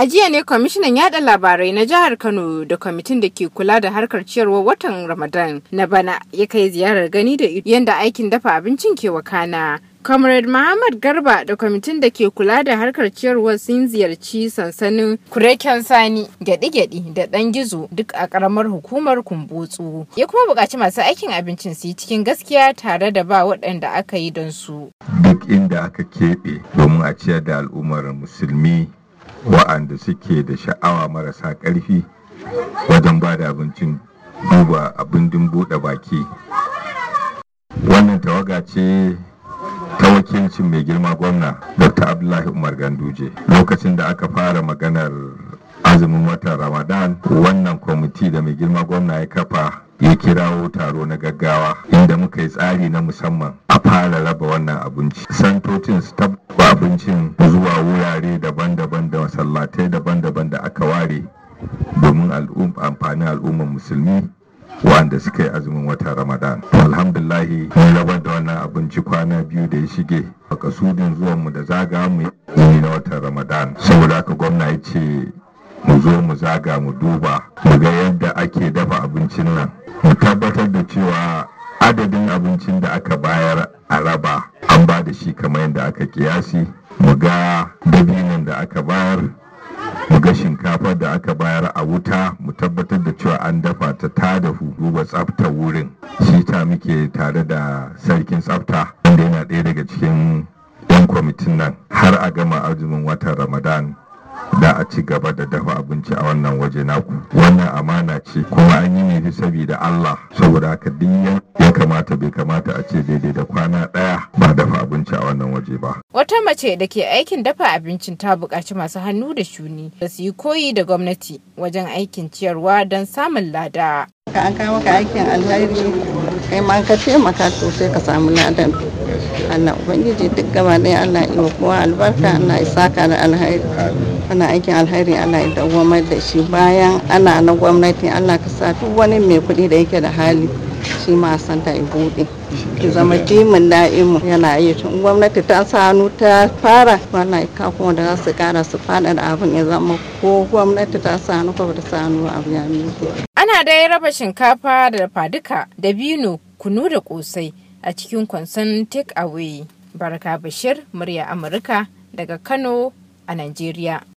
A jiya ne kwamishinan yada labarai na jihar Kano da kwamitin da ke kula da harkar ciyarwar watan Ramadan na bana ya kai ziyarar gani da yadda aikin dafa abincin ke wakana. Comrade Muhammad Garba da kwamitin da ke kula da harkar ciyarwar sun ziyarci sansanin kureken sani gyaɗi-gyaɗi da ɗan gizo duk a ƙaramar hukumar kumbutsu. Ya kuma buƙaci masu aikin abincin su cikin gaskiya tare da ba waɗanda aka yi don su. Duk inda aka keɓe domin a ciyar da al'ummar musulmi wa'anda suke da sha'awa marasa ƙarfi wajen ba da abincin duba abin buɗe baki wannan tawaga ce ta wakilcin mai girma gwamna dr abdullahi umar ganduje lokacin da aka fara maganar azumin watan ramadan wannan kwamiti da mai girma gwamna ya kafa ya kirawo taro na gaggawa inda muka yi tsari na musamman a fara raba wannan abinci santocin su tabbata abincin zuwa wurare daban-daban da masallatai daban-daban da aka ware domin amfanin al'ummar musulmi wanda suka yi azumin watan ramadan alhamdulahi mun rabar da wannan abinci kwana biyu da ya shige a kasudin zuwanmu da zaga mu yi na watan ramadan saboda haka gwamna ya ce mu zo mu zaga mu duba mu ga yadda ake dafa abincin nan ya tabbatar da cewa adadin abincin da aka bayar a raba an ba da shi kamar yadda aka kiyasi mu ga dabinin da aka bayar mu ga shinkafar da aka bayar a wuta mu tabbatar da cewa an dafa ta ta da hudu ba tsafta wurin shi ta muke tare da sarkin tsafta wanda yana ɗaya daga cikin 'yan kwamitin nan har a gama azumin watan ramadan da a ci gaba da dafa abinci a wannan waje naku wannan amana ce kuma an yi ne saboda Allah saboda haka ya kamata bai kamata a ce daidai da kwana ɗaya ba dafa abinci a wannan waje ba. Wata mace da ke aikin dafa abincin ta buƙaci masu hannu da shuni da su yi koyi da gwamnati wajen aikin ciyarwa don samun lada. Ka an kawo ka aikin alheri kai ma ka taimaka sosai ka samu ladan. Allah ubangiji duk gaba ɗaya Allah yi kowa albarka Allah ya saka da alhairi ana aikin alhairi Allah ya dawwamar da shi bayan ana na gwamnati Allah ka sa duk wani mai kuɗi da yake da hali shi ma santa ya buɗe ki zama jimin da'imu yana yi tun gwamnati ta sanu ta fara wallahi ka kuma da za su kara su fada da abin ya zama ko gwamnati ta sa ko ta sa abu ya ana dai raba shinkafa da faduka da bino kunu da kosai a cikin kwanson take away. Baraka Bashir, murya Amurka daga Kano a Najeriya.